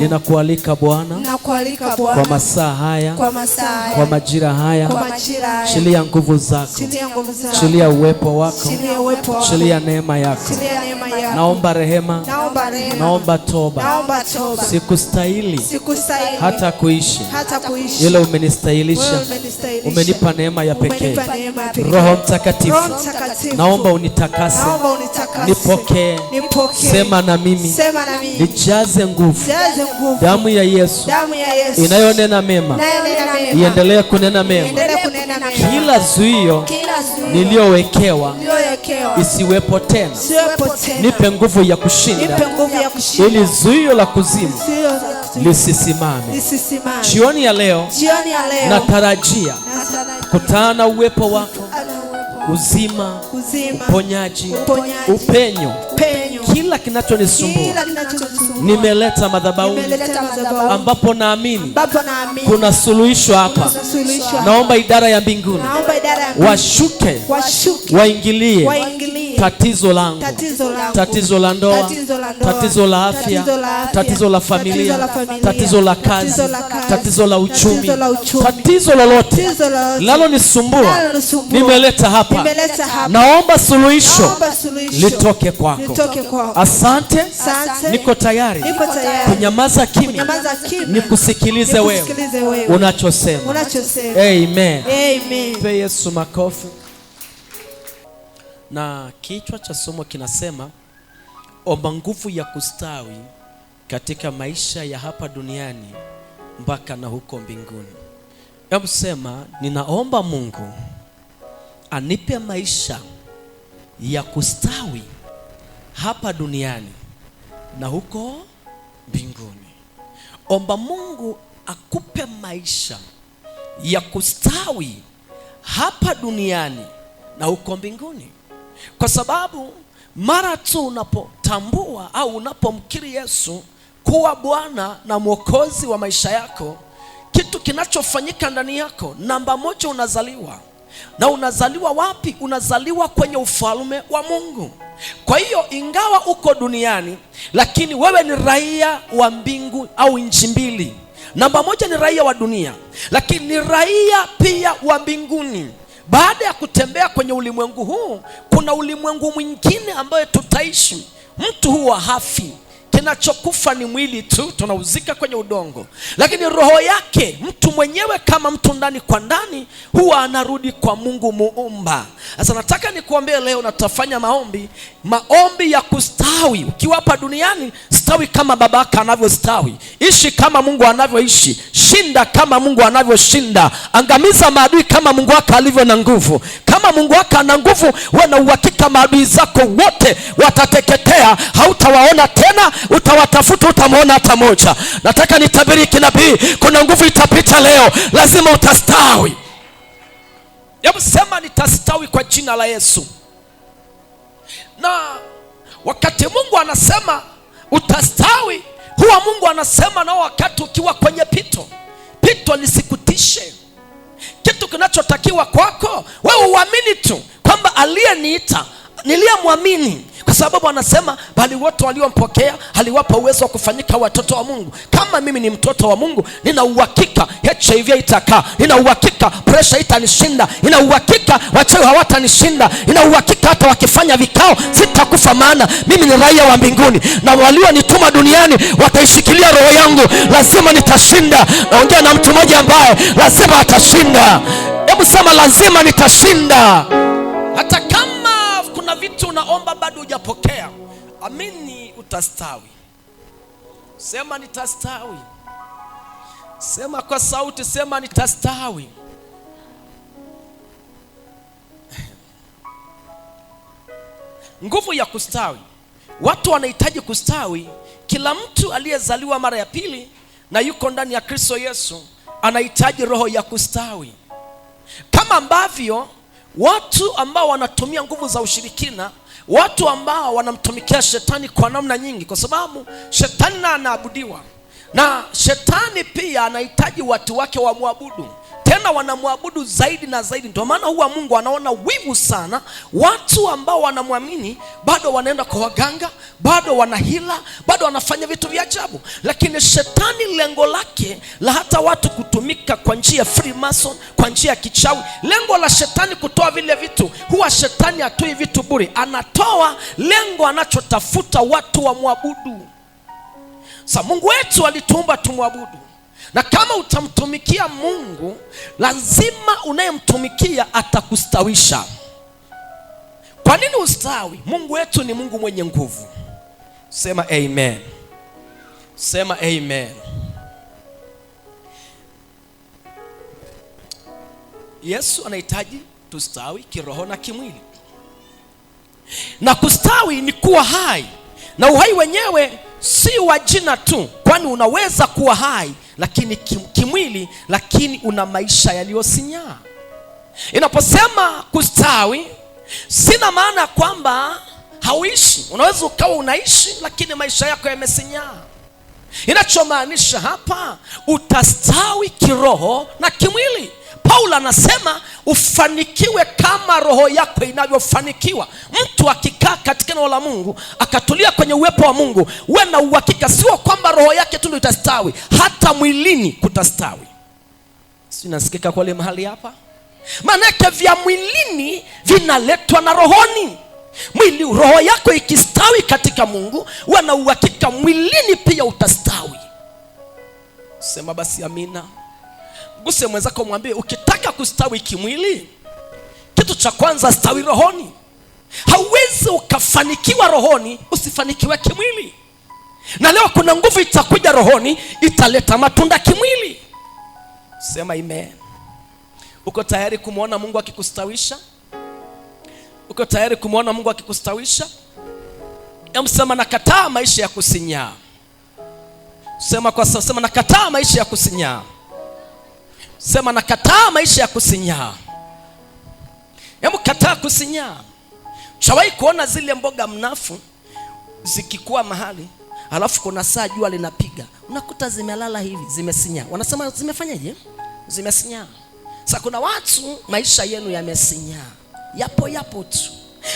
Ninakualika Bwana kwa masaa haya, kwa masaa haya, kwa majira haya, chilia nguvu zako, chilia uwepo wako, chilia neema yako. Naomba rehema, naomba rehema, naomba toba, naomba toba. Sikustahili, sikustahili hata kuishi, ila umenistahilisha, umenipa neema ya pekee. Roho Mtakatifu, naomba unitakase, nipokee, sema na mimi, nijaze nguvu nguvu. Damu ya Yesu inayonena mema iendelee kunena mema. Kila zuio niliyowekewa isiwepo tena. Nipe nguvu ya kushinda ili zuio la kuzimu lisisimame. Jioni ya leo natarajia kutana uwepo wako uzima, uponyaji, upenyo, kila kinachonisumbua nimeleta madhabahu ambapo naamini kuna suluhisho hapa. Naomba idara ya mbinguni washuke, waingilie tatizo langu, tatizo la ndoa, tatizo la afya, tatizo la familia, tatizo la kazi, tatizo la uchumi, tatizo lolote linalonisumbua nimeleta hapa, naomba suluhisho litoke kwako. Asante, niko tayari kunyamaza kimya, nikusikilize wewe unachosema. Amen. Mpe Yesu makofi na kichwa cha somo kinasema omba nguvu ya kustawi katika maisha ya hapa duniani mpaka na huko mbinguni. Hebu sema, ninaomba Mungu anipe maisha ya kustawi hapa duniani na huko mbinguni. Omba Mungu akupe maisha ya kustawi hapa duniani na huko mbinguni kwa sababu mara tu unapotambua au unapomkiri Yesu kuwa Bwana na Mwokozi wa maisha yako, kitu kinachofanyika ndani yako, namba moja, unazaliwa. Na unazaliwa wapi? Unazaliwa kwenye ufalme wa Mungu. Kwa hiyo ingawa uko duniani, lakini wewe ni raia wa mbingu au nchi mbili. Namba moja ni raia wa dunia, lakini ni raia pia wa mbinguni. Baada ya kutembea kwenye ulimwengu huu, kuna ulimwengu mwingine ambayo tutaishi. Mtu huwa hafi, kinachokufa ni mwili tu, tunauzika kwenye udongo, lakini roho yake mtu mwenyewe kama mtu ndani kwa ndani huwa anarudi kwa Mungu Muumba. Sasa nataka nikuambie leo natafanya maombi, maombi ya kustawi ukiwa hapa duniani Stawi kama babaka anavyostawi, ishi kama Mungu anavyoishi, shinda kama Mungu anavyoshinda, angamiza maadui kama Mungu wako alivyo na nguvu. Kama Mungu wako ana nguvu, huwe na uhakika maadui zako wote watateketea, hautawaona tena, utawatafuta utamwona hata moja. Nataka nitabiri kinabii, kuna nguvu itapita leo, lazima utastawi. Hebu sema nitastawi kwa jina la Yesu. Na wakati Mungu anasema utastawi. Huwa Mungu anasema nao wakati ukiwa kwenye pito, pito lisikutishe. Kitu kinachotakiwa kwako wewe uamini tu kwamba aliyeniita niliyemwamini, kwa sababu anasema bali wote waliompokea aliwapa uwezo wa kufanyika watoto wa Mungu. Kama mimi ni mtoto wa Mungu, nina uhakika HIV itakaa, nina uhakika presha itanishinda, nina uhakika wachawi hawatanishinda, nina uhakika hata wakifanya vikao sitakufa, maana mimi ni raia wa mbinguni, na walionituma duniani wataishikilia roho yangu, lazima nitashinda. Naongea na mtu mmoja ambaye lazima atashinda. Hebu sema lazima nitashinda vitu unaomba bado hujapokea. Amini utastawi. Sema nitastawi. Sema kwa sauti, sema nitastawi. Nguvu ya kustawi. Watu wanahitaji kustawi. Kila mtu aliyezaliwa mara ya pili na yuko ndani ya Kristo Yesu anahitaji roho ya kustawi, kama ambavyo Watu ambao wanatumia nguvu za ushirikina, watu ambao wanamtumikia shetani kwa namna nyingi, kwa sababu shetani na anaabudiwa na shetani pia anahitaji watu wake wamwabudu tena wanamwabudu zaidi na zaidi. Ndio maana huwa Mungu anaona wivu sana watu ambao wanamwamini bado wanaenda kwa waganga, bado wanahila, bado wanafanya vitu vya ajabu. Lakini shetani lengo lake la hata watu kutumika kwa njia ya Freemason, kwa njia ya kichawi, lengo la shetani kutoa vile vitu, huwa shetani atoi vitu bure, anatoa lengo, anachotafuta watu wamwabudu. Sa Mungu wetu alituumba tumwabudu na kama utamtumikia Mungu, lazima unayemtumikia atakustawisha. Kwa nini ustawi? Mungu wetu ni Mungu mwenye nguvu. Sema amen, sema amen. Yesu anahitaji tustawi kiroho na kimwili, na kustawi ni kuwa hai, na uhai wenyewe si wa jina tu, kwani unaweza kuwa hai lakini kimwili, lakini una maisha yaliyosinyaa. Inaposema kustawi, sina maana ya kwamba hauishi. Unaweza ukawa unaishi, lakini maisha yako yamesinyaa. Inachomaanisha hapa, utastawi kiroho na kimwili Paulo anasema ufanikiwe kama roho yako inavyofanikiwa. Mtu akikaa katika neno la Mungu akatulia kwenye uwepo wa Mungu, uwe na uhakika sio kwamba roho yake tu ndo itastawi, hata mwilini kutastawi. Si nasikika kwale mahali hapa? Maanake vya mwilini vinaletwa na rohoni mwili roho yako ikistawi katika Mungu, na uhakika mwilini pia utastawi. Sema basi amina mguse mwenzako, mwambie ukitaka kustawi kimwili, kitu cha kwanza stawi rohoni. Hauwezi ukafanikiwa rohoni usifanikiwe kimwili. Na leo kuna nguvu itakuja rohoni, italeta matunda kimwili. Sema ime. Uko tayari kumwona Mungu akikustawisha? Uko tayari kumwona Mungu akikustawisha? Emsema nakataa maisha ya kusinyaa. Sema kwa sasa, sema nakataa maisha ya kusinyaa. Sema nakataa maisha ya kusinyaa. Hebu kataa kusinyaa. shawahi kuona zile mboga mnafu zikikuwa mahali alafu kuna saa jua linapiga, unakuta zimelala hivi, zimesinyaa. Wanasema zimefanyaje? Zimesinyaa. Sasa kuna watu maisha yenu yamesinyaa, yapo yapo tu.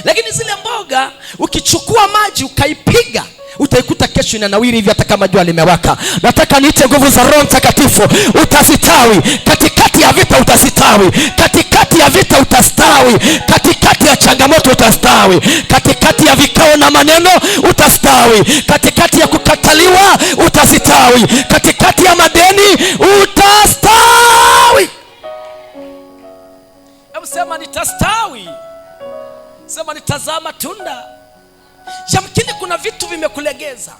Lakini zile mboga ukichukua maji ukaipiga utaikuta kesho inanawiri hivi, hata kama jua limewaka. Nataka niite nguvu za Roho Mtakatifu, utasitawi katikati ya vita, utasitawi katikati ya vita, utastawi katikati ya changamoto, utastawi katikati ya vikao na maneno, utastawi katikati ya kukataliwa, utasitawi katikati ya madeni, utastawi. Hebu sema nitastawi kama nitazama tunda. Yamkini kuna vitu vimekulegeza,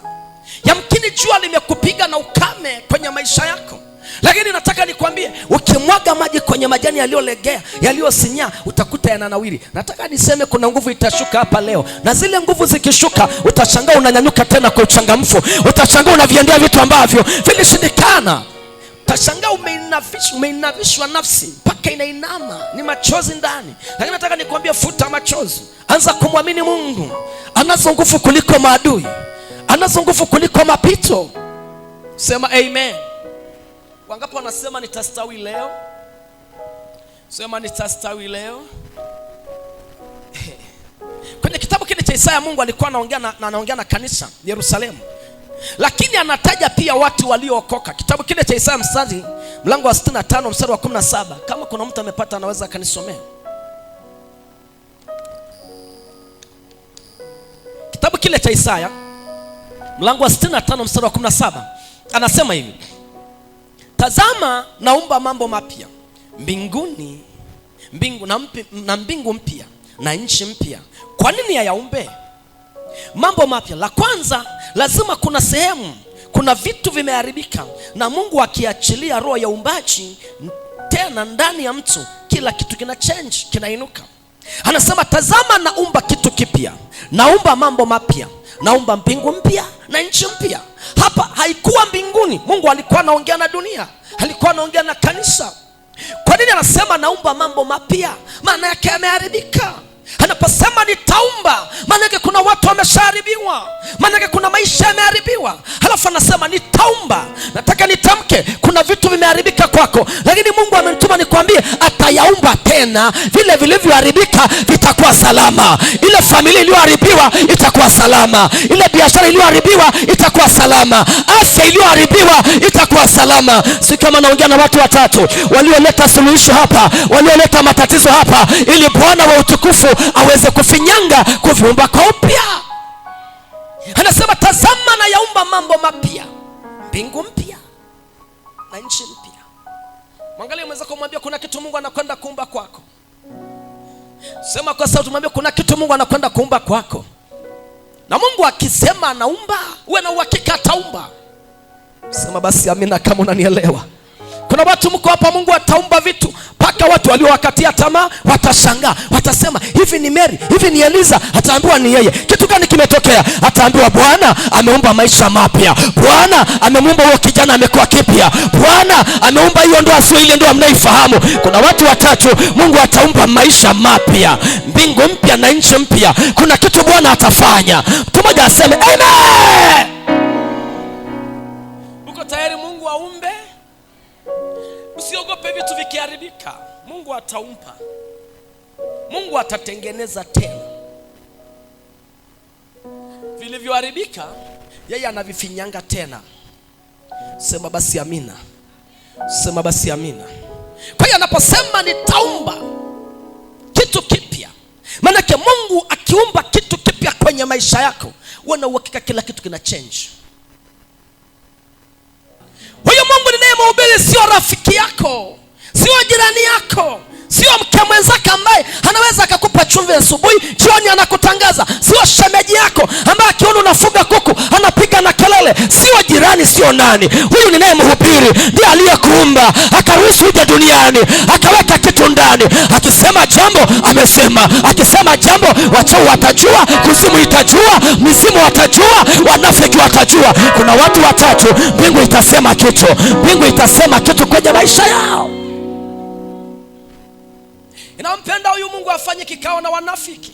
yamkini jua limekupiga na ukame kwenye maisha yako, lakini nataka nikwambie, ukimwaga maji kwenye majani yaliyolegea, yaliyosinyaa, utakuta yananawiri. Nataka niseme kuna nguvu itashuka hapa leo, na zile nguvu zikishuka, utashangaa unanyanyuka tena kwa uchangamfu, utashangaa unaviendea vitu ambavyo vilishindikana. Utashangaa umeinavishwa umeinafishwa nafsi mpaka inainama, ni machozi ndani. Lakini nataka nikuambia futa machozi, anza kumwamini Mungu. Anazo nguvu kuliko maadui, anazo nguvu kuliko mapito. Sema amen. wangapo wanasema nitastawi leo? Sema nitastawi leo. Kwenye kitabu kile cha Isaya Mungu alikuwa anaongea na, na, na kanisa Yerusalemu lakini anataja pia watu waliookoka. Kitabu kile cha Isaya mstari mlango wa 65 mstari wa 17, kama kuna mtu amepata anaweza akanisomea. Kitabu kile cha Isaya mlango wa 65 mstari wa 17 anasema hivi, tazama naumba mambo mapya mbinguni mbingu na, mpi, na mbingu mpya na nchi mpya, kwa nini hayaumbe? mambo mapya. La kwanza, lazima kuna sehemu, kuna vitu vimeharibika, na Mungu akiachilia roho ya uumbaji tena ndani ya mtu, kila kitu kina change, kinainuka. Anasema, tazama, naumba kitu kipya, naumba mambo mapya, naumba mbingu mpya na nchi mpya. Hapa haikuwa mbinguni. Mungu alikuwa anaongea na dunia, alikuwa anaongea na kanisa. Kwa nini anasema naumba mambo mapya? Maana yake yameharibika anaposema nitaumba, maanake kuna watu wameshaharibiwa, maanake kuna maisha yameharibiwa, nasema anasema nitaumba, nataka nitamke, kuna vitu vimeharibika kwako, lakini Mungu amenituma nikwambie, atayaumba tena. Vile vilivyoharibika vitakuwa salama, ile familia iliyoharibiwa itakuwa salama, ile biashara iliyoharibiwa itakuwa salama, afya iliyoharibiwa itakuwa salama. Si kama naongea na watu watatu walioleta suluhisho hapa, walioleta matatizo hapa, ili Bwana wa utukufu aweze kufinyanga, kuviumba kwa upya anasema tazama, na yaumba mambo mapya, mbingu mpya na nchi mpya. Mwangalie mwenzako, mwambia kuna kitu Mungu anakwenda kuumba kwako. Sema kwa sauti, mwambia kuna kitu Mungu anakwenda kuumba kwako. Na Mungu akisema anaumba, uwe na uhakika ataumba. Sema basi amina, kama unanielewa. Kuna watu mko hapa, Mungu ataumba vitu mpaka watu waliowakatia tamaa watashangaa, watasema hivi ni Mary, hivi ni Eliza. Ataambiwa ni yeye. Kitu gani kimetokea? Ataambiwa Bwana ameumba maisha mapya, Bwana amemuumba huyo kijana amekuwa kipya, Bwana ameumba hiyo ndoa, sio ile ndoa mnaifahamu. Kuna watu watatu Mungu ataumba maisha mapya, mbingu mpya na nchi mpya. Kuna kitu Bwana atafanya. Mtu mmoja aseme amen. usiogope vitu vikiharibika, Mungu ataumpa, Mungu atatengeneza tena. Vilivyoharibika yeye anavifinyanga tena. Sema basi amina, sema basi amina. Kwa hiyo anaposema nitaumba kitu kipya, maanake Mungu akiumba kitu kipya kwenye maisha yako, uwe na uhakika kila kitu kina change. mhubiri sio rafiki yako, sio jirani yako, sio mke mwenzake ambaye anaweza akakupa chumvi asubuhi, jioni anakutangaza, sio shemeji yako ambaye akiona unafuga kuku anapiga na kelele, sio jirani, sio nani. Huyu mhubiri ndiye aliyekuumba akaruhusu uje duniani akaweka kitu ndani, akisema jambo amesema, akisema jambo wachau watajua, kuzimu itajua, mizimu watajua, wanafiki watajua. Kuna watu watatu, mbingu itasema kitu, mbingu itasema kitu kwenye maisha yao anampenda huyu Mungu afanye kikao na wanafiki,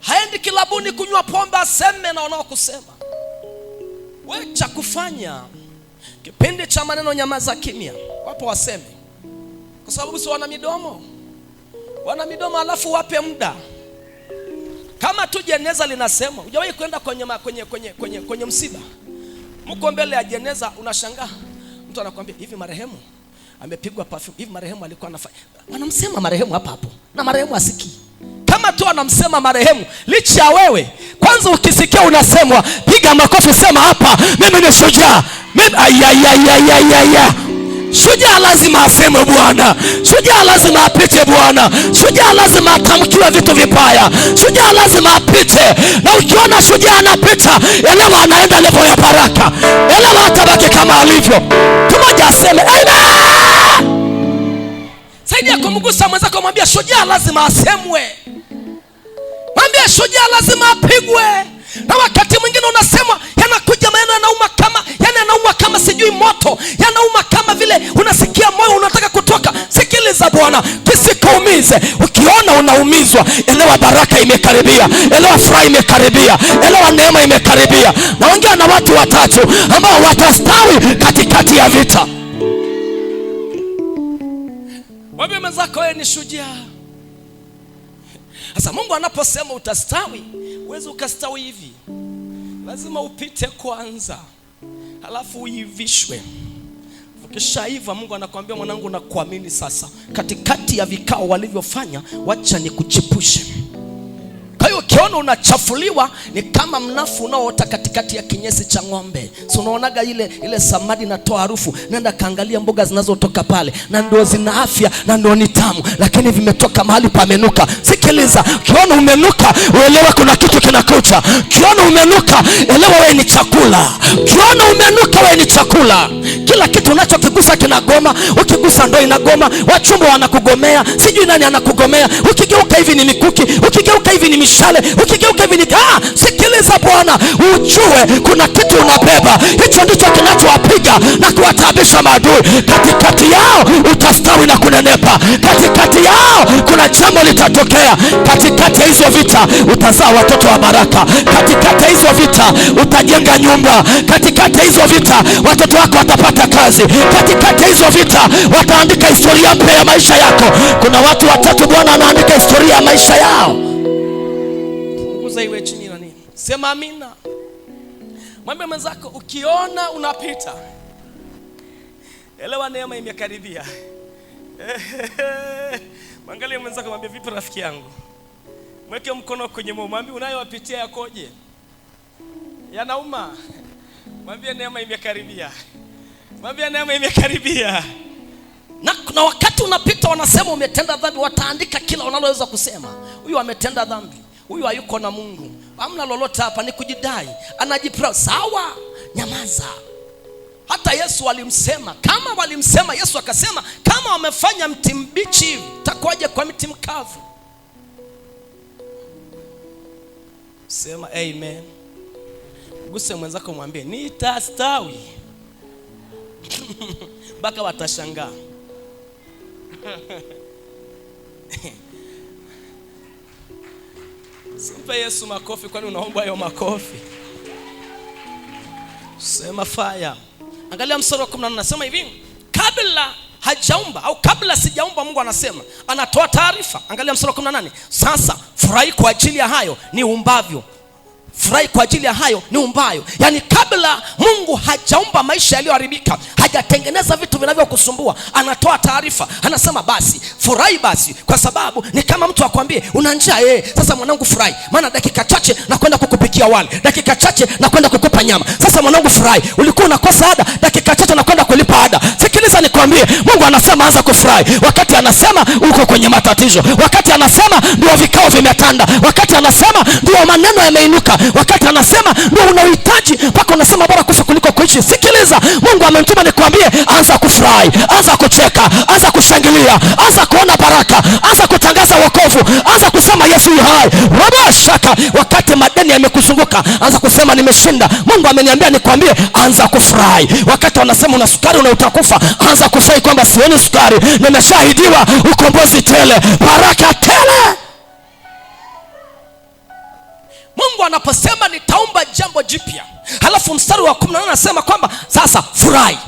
haendi kilabuni kunywa pombe aseme na wanaokusema we. Cha kufanya kipindi cha maneno, nyamaza kimya, wapo waseme, kwa sababu si wana midomo, wana midomo, alafu wape muda kama tu jeneza linasema. Hujawahi kwenda kwenye, kwenye, kwenye, kwenye, kwenye msiba, mko mbele ya jeneza, unashangaa mtu anakuambia hivi, marehemu amepigwa perfume hivi. Marehemu alikuwa anafanya, wanamsema marehemu hapa hapo, na marehemu asikii kama tu anamsema marehemu, licha ya wewe kwanza ukisikia unasemwa, piga makofi, sema hapa, mimi ni shujaa, mimi ayayayayaya Shujaa lazima aseme Bwana, shujaa lazima apite Bwana, shujaa lazima atamkiwe vitu vibaya, shujaa lazima apite. Na ukiona shujaa anapita, elewa anaenda levo ya baraka, elewa atabaki kama alivyo. Tumoja aseme amen kumgusa mwenzako, mwambia shujaa lazima asemwe, mwambia shujaa lazima apigwe. Na wakati mwingine unasema yanakuja maneno yanauma kama yani, yanauma kama sijui moto, yanauma kama vile unasikia moyo unataka kutoka. Sikiliza Bwana, kisikuumize Ukiona unaumizwa, elewa baraka imekaribia, elewa furaha imekaribia, elewa neema imekaribia. Naongea na watu watatu ambao watastawi katikati ya vita. Mwambie mwenzako wewe ni shujaa. Sasa Mungu anaposema utastawi, uweze ukastawi hivi, lazima upite kwanza, halafu uivishwe. Ukishaiva, Mungu anakuambia mwanangu, nakuamini sasa. Katikati ya vikao walivyofanya, wacha nikuchipushe hiyo ukiona unachafuliwa ni kama mnafu unaoota katikati ya kinyesi cha ng'ombe. So unaonaga ile ile samadi natoa harufu, nenda kaangalia mboga zinazotoka pale, na ndio zina afya na ndio ni tamu, lakini vimetoka mahali pamenuka. Sikiliza, ukiona umenuka uelewa kuna kitu kinakucha. Ukiona umenuka elewa wewe ni chakula. Ukiona umenuka wewe ni chakula. Kila kitu unachokigusa kinagoma. Ukigusa ndoo inagoma, wachumba wanakugomea, sijui nani anakugomea. Ukigeuka hivi ni mikuki, ukigeuka hivi ni mishale, ukigeuka hivi ni ah. Sikiliza Bwana, ujue kuna kitu unabeba, hicho ndicho kinachowapiga na kuwataabisha maadui. Katikati yao utastawi na kunenepa katika kuna jambo litatokea katikati ya hizo vita, utazaa watoto wa baraka. Katikati ya hizo vita utajenga nyumba. Katikati ya hizo vita watoto wako watapata kazi. Katikati ya hizo vita wataandika historia mpya ya maisha yako. Kuna watu watatu Bwana anaandika historia ya maisha yao. Punguza iwe chini na nini, sema amina. Mwambie mwenzako ukiona unapita, elewa neema imekaribia. Mwangalie mwenzako, mwambie vipi rafiki yangu, mweke mkono kwenye moyo, mwambie unayowapitia yakoje, yanauma. Mwambie neema imekaribia, mwambie neema imekaribia. Na kuna wakati unapita, wanasema umetenda dhambi, wataandika kila unaloweza kusema, huyu ametenda dhambi, huyu hayuko na Mungu, hamna lolote hapa, ni kujidai, anajiproud. Sawa, nyamaza hata Yesu alimsema. Kama walimsema Yesu akasema, kama wamefanya mti mbichi hivi, kwa mti mkavu? Sema amen. Guse mwenzako, mwambie nitastawi mpaka watashangaa. Simpe Yesu makofi, kwani unaomba hayo makofi? Sema fire. Angalia mstari wa 14 nasema hivi, kabla hajaumba au kabla sijaumba Mungu anasema, anatoa taarifa. Angalia mstari wa 18, sasa furahi kwa ajili ya hayo ni umbavyo Furahi kwa ajili ya hayo ni umbayo. Yaani, kabla Mungu hajaumba maisha yaliyoharibika, hajatengeneza vitu vinavyokusumbua, anatoa taarifa, anasema basi furahi basi, kwa sababu ni kama mtu akwambie una njaa eh, sasa mwanangu furahi, maana dakika chache nakwenda kukupikia wali, dakika chache nakwenda kukupa nyama. Sasa mwanangu furahi, ulikuwa unakosa ada, dakika chache nakwenda kulipa ada. Sikiliza nikwambie, Mungu anasema anza kufurahi wakati anasema uko kwenye matatizo, wakati anasema ndio vikao vimetanda, wakati anasema ndio maneno yameinuka wakati anasema ndio unahitaji mpaka unasema bora kufa kuliko kuishi. Sikiliza, Mungu amemtuma nikuambie anza kufurahi, anza kucheka, anza kushangilia, anza kuona baraka, anza kutangaza wokovu, anza kusema Yesu yu hai. Shaka wakati madeni yamekuzunguka, anza kusema nimeshinda. Mungu ameniambia nikwambie, anza kufurahi. Wakati wanasema una sukari una utakufa, anza kufurahi kwamba sioni sukari, nimeshahidiwa ukombozi tele, baraka tele. Mungu anaposema nitaumba jambo jipya, halafu mstari wa 18 anasema kwamba sasa furahi